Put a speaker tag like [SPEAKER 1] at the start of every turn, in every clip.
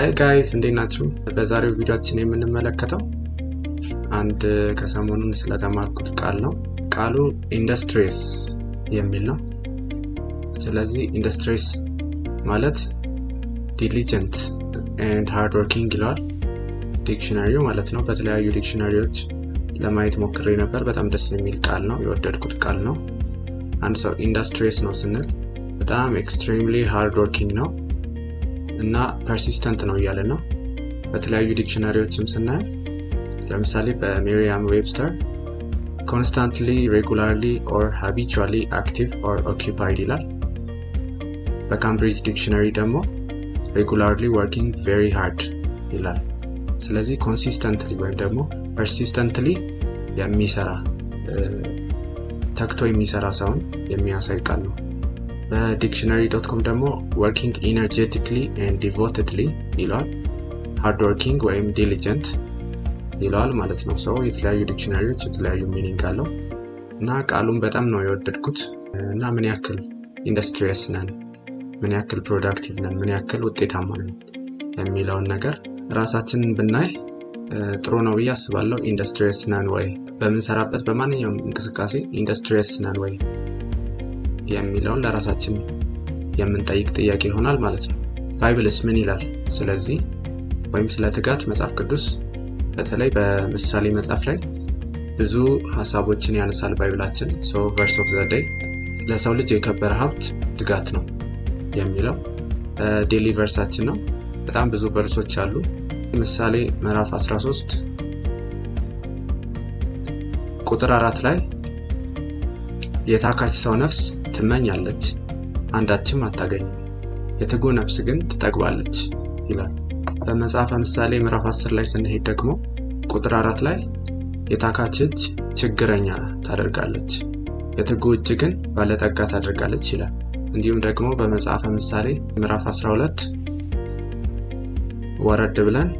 [SPEAKER 1] ሀይ ጋይስ እንዴት ናችሁ? በዛሬው ቪዲዮችን የምንመለከተው አንድ ከሰሞኑን ስለተማርኩት ቃል ነው። ቃሉ ኢንዱስትሪስ የሚል ነው። ስለዚህ ኢንዱስትሪስ ማለት ዲሊጀንት ኤንድ ሃርድ ወርኪንግ ይለዋል ዲክሽነሪው ማለት ነው። በተለያዩ ዲክሽነሪዎች ለማየት ሞክሬ ነበር። በጣም ደስ የሚል ቃል ነው። የወደድኩት ቃል ነው። አንድ ሰው ኢንዱስትሪስ ነው ስንል በጣም ኤክስትሪምሊ ሃርድ ወርኪንግ ነው እና ፐርሲስተንት ነው እያለ ነው። በተለያዩ ዲክሽነሪዎችም ስናየ ለምሳሌ በሜሪያም ዌብስተር ኮንስታንትሊ ሬጉላርሊ ኦር ሃቢቹዋሊ አክቲቭ ኦር ኦኪፓይድ ይላል። በካምብሪጅ ዲክሽነሪ ደግሞ ሬጉላርሊ ወርኪንግ ቬሪ ሃርድ ይላል። ስለዚህ ኮንሲስተንትሊ ወይም ደግሞ ፐርሲስተንትሊ የሚሰራ ተክቶ የሚሰራ ሰውን የሚያሳይ ቃል ነው። በዲክሽነሪ ዶት ኮም ደግሞ ወርኪንግ ኢነርጀቲክሊ ኤንድ ዲቮትድሊ ይለዋል። ሃርድ ወርኪንግ ወይም ዲሊጀንት ይለዋል ማለት ነው። ሰው የተለያዩ ዲክሽነሪዎች የተለያዩ ሚኒንግ አለው እና ቃሉን በጣም ነው የወደድኩት እና ምን ያክል ኢንዱስትሪየስ ነን፣ ምን ያክል ፕሮዳክቲቭ ነን፣ ምን ያክል ውጤታማ ነን የሚለውን ነገር ራሳችንን ብናይ ጥሩ ነው ብዬ አስባለሁ። ኢንዱስትሪየስ ነን ወይ? በምንሰራበት በማንኛውም እንቅስቃሴ ኢንዱስትሪየስ ነን ወይ የሚለውን ለራሳችን የምንጠይቅ ጥያቄ ይሆናል ማለት ነው። ባይብልስ ምን ይላል? ስለዚህ ወይም ስለ ትጋት መጽሐፍ ቅዱስ በተለይ በምሳሌ መጽሐፍ ላይ ብዙ ሀሳቦችን ያነሳል ባይብላችን። ሶ ቨርስ ኦፍ ዘ ዴይ ለሰው ልጅ የከበረ ሀብት ትጋት ነው የሚለው ዴሊ ቨርሳችን ነው። በጣም ብዙ ቨርሶች አሉ። ምሳሌ ምዕራፍ 13 ቁጥር አራት ላይ የታካች ሰው ነፍስ ትመኛለች፣ አንዳችም አታገኝም፣ የትጉ ነፍስ ግን ትጠግባለች ይላል። በመጽሐፈ ምሳሌ ምዕራፍ 10 ላይ ስንሄድ ደግሞ ቁጥር አራት ላይ የታካች እጅ ችግረኛ ታደርጋለች፣ የትጉ እጅ ግን ባለጠጋ ታደርጋለች ይላል። እንዲሁም ደግሞ በመጽሐፈ ምሳሌ ምዕራፍ 12 ወረድ ብለን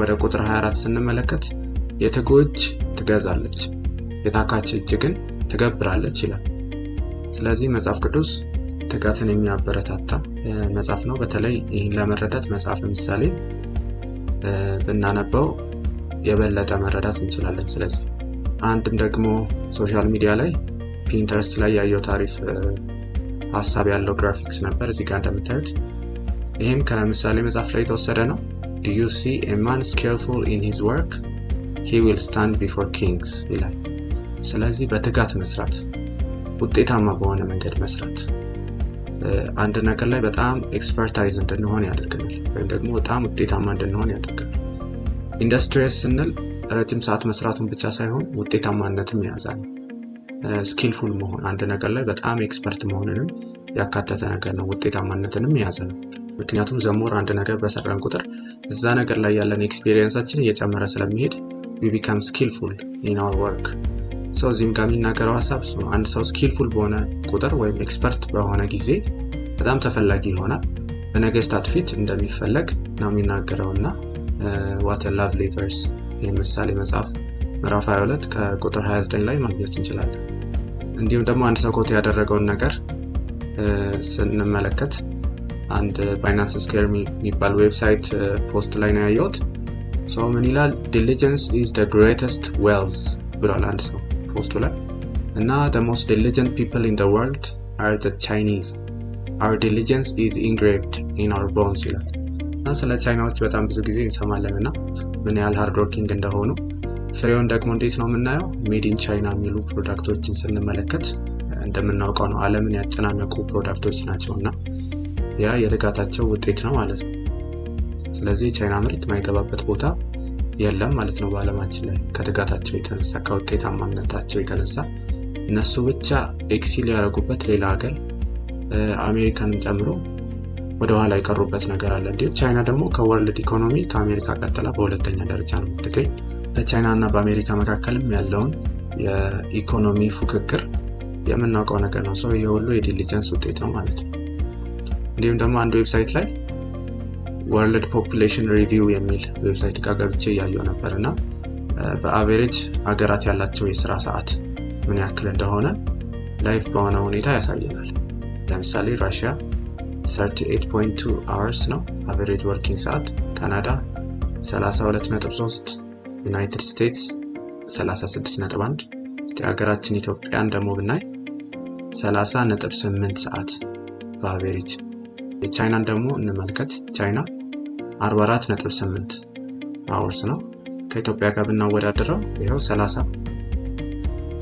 [SPEAKER 1] ወደ ቁጥር 24 ስንመለከት የትጉ እጅ ትገዛለች፣ የታካች እጅ ግን ትገብራለች ይላል። ስለዚህ መጽሐፍ ቅዱስ ትጋትን የሚያበረታታ መጽሐፍ ነው። በተለይ ይህን ለመረዳት መጽሐፍ ለምሳሌ ብናነበው የበለጠ መረዳት እንችላለን። ስለዚህ አንድም ደግሞ ሶሻል ሚዲያ ላይ ፒንተረስት ላይ ያየው ታሪፍ ሀሳብ ያለው ግራፊክስ ነበር እዚህ ጋር እንደምታዩት። ይህም ከምሳሌ መጽሐፍ ላይ የተወሰደ ነው። ዱ ዩ ሲ ኤ ማን ስኪልፉል ኢን ሂዝ ወርክ ሂ ዊል ስታንድ ቢፎር ኪንግስ ይላል። ስለዚህ በትጋት መስራት ውጤታማ በሆነ መንገድ መስራት አንድ ነገር ላይ በጣም ኤክስፐርታይዝ እንድንሆን ያደርገናል፣ ወይም ደግሞ በጣም ውጤታማ እንድንሆን ያደርገናል። ኢንዱስትሪስ ስንል ረጅም ሰዓት መስራቱን ብቻ ሳይሆን ውጤታማነትም የያዛል። ስኪልፉል መሆን አንድ ነገር ላይ በጣም ኤክስፐርት መሆንንም ያካተተ ነገር ነው። ውጤታማነትንም የያዘ ነው። ምክንያቱም ዘሞር አንድ ነገር በሰራን ቁጥር እዛ ነገር ላይ ያለን ኤክስፔሪንሳችን እየጨመረ ስለሚሄድ ቢካም ስኪልፉል ኢን ወርክ ሰው እዚህም ጋር የሚናገረው ሀሳብ እሱ ነው። አንድ ሰው ስኪልፉል በሆነ ቁጥር ወይም ኤክስፐርት በሆነ ጊዜ በጣም ተፈላጊ ይሆናል። በነገስታት ፊት እንደሚፈለግ ነው የሚናገረው እና ዋት ላቭ ሌቨርስ ይህ ምሳሌ መጽሐፍ ምዕራፍ 22 ከቁጥር 29 ላይ ማግኘት እንችላለን። እንዲሁም ደግሞ አንድ ሰው ኮት ያደረገውን ነገር uh, ስንመለከት አንድ ባይናንስ ስኬር የሚባል ዌብሳይት ፖስት uh, ላይ ነው ያየሁት። ሰው ምን ይላል? ዲሊጀንስ ኢዝ ደ ግሬተስት ዌልዝ ብሏል አንድ ሰው ፖስቱ ላይ እና the most diligent people in the world are the Chinese our diligence is engraved in our bones ይላል እና ስለ ቻይናዎች በጣም ብዙ ጊዜ እንሰማለን እና ምን ያህል ሃርድ ወርኪንግ እንደሆኑ ፍሬውን ደግሞ እንዴት ነው የምናየው ሜድ ቻይና የሚሉ ፕሮዳክቶችን ስንመለከት እንደምናውቀው ነው አለምን ያጨናነቁ ፕሮዳክቶች ናቸው እና ያ የልጋታቸው ውጤት ነው ማለት ነው ስለዚህ የቻይና ምርት የማይገባበት ቦታ የለም ማለት ነው በአለማችን ላይ ከትጋታቸው የተነሳ ከውጤታማነታቸው የተነሳ እነሱ ብቻ ኤክሲል ያደረጉበት ሌላ ሀገር አሜሪካንም ጨምሮ ወደ ኋላ የቀሩበት ነገር አለ። እንዲሁም ቻይና ደግሞ ከወርልድ ኢኮኖሚ ከአሜሪካ ቀጥላ በሁለተኛ ደረጃ ነው የምትገኝ። በቻይና እና በአሜሪካ መካከልም ያለውን የኢኮኖሚ ፉክክር የምናውቀው ነገር ነው። ሰው ይህ ሁሉ የዲሊጀንስ ውጤት ነው ማለት ነው። እንዲሁም ደግሞ አንድ ዌብሳይት ላይ ወርልድ ፖፕሌሽን ሪቪው የሚል ዌብሳይት ጋር ገብቼ እያየው ነበር እና በአቬሬጅ ሀገራት ያላቸው የስራ ሰዓት ምን ያክል እንደሆነ ላይፍ በሆነ ሁኔታ ያሳየናል። ለምሳሌ ራሽያ 38.2 አወርስ ነው አቨሬጅ ወርኪንግ ሰዓት፣ ካናዳ 32.3፣ ዩናይትድ ስቴትስ 36.1። ሀገራችን ኢትዮጵያን ደግሞ ብናይ 30.8 ሰዓት በአቬሬጅ። የቻይናን ደግሞ እንመልከት። ቻይና 44.8 አወርስ ነው። ከኢትዮጵያ ጋር ብናወዳደረው ይኸው 30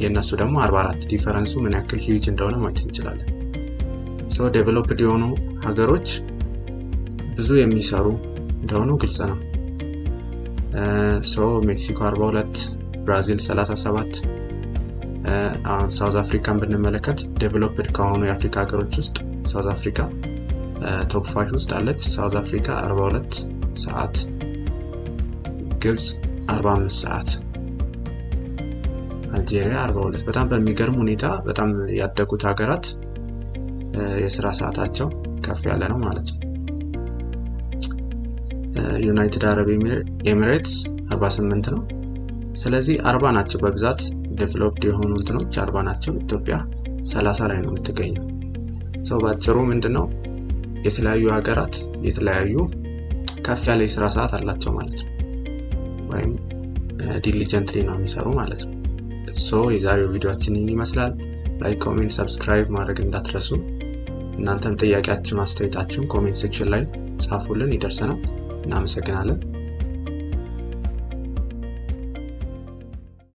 [SPEAKER 1] የእነሱ ደግሞ 44 ዲፈረንሱ ምን ያክል ሂዩጅ እንደሆነ ማየት እንችላለን። ሶ ዴቨሎፕድ የሆኑ ሀገሮች ብዙ የሚሰሩ እንደሆኑ ግልጽ ነው። ሶ ሜክሲኮ 42፣ ብራዚል 37 አሁን ሳውዝ አፍሪካን ብንመለከት ዴቨሎፕድ ከሆኑ የአፍሪካ ሀገሮች ውስጥ ሳውዝ አፍሪካ ተወክፋሽ ውስጥ አለች። ሳውዝ አፍሪካ 42 ሰዓት፣ ግብፅ 45 ሰዓት፣ አልጄሪያ 42። በጣም በሚገርም ሁኔታ በጣም ያደጉት ሀገራት የስራ ሰዓታቸው ከፍ ያለ ነው ማለት ነው። ዩናይትድ አረብ ኤሚሬትስ 48 ነው። ስለዚህ አርባ ናቸው በብዛት ዴቨሎፕድ የሆኑ እንትኖች አርባ ናቸው። ኢትዮጵያ 30 ላይ ነው የምትገኘው። ሰው ባጭሩ ምንድን ነው የተለያዩ ሀገራት የተለያዩ ከፍ ያለ የስራ ሰዓት አላቸው ማለት ነው፣ ወይም ዲሊጀንትሊ ነው የሚሰሩ ማለት ነው። ሶ የዛሬው ቪዲዮችን ይህን ይመስላል። ላይክ፣ ኮሜንት፣ ሰብስክራይብ ማድረግ እንዳትረሱ። እናንተም ጥያቄያችሁን አስተያየታችሁን ኮሜንት ሴክሽን ላይ ጻፉልን፣ ይደርሰናል። እናመሰግናለን።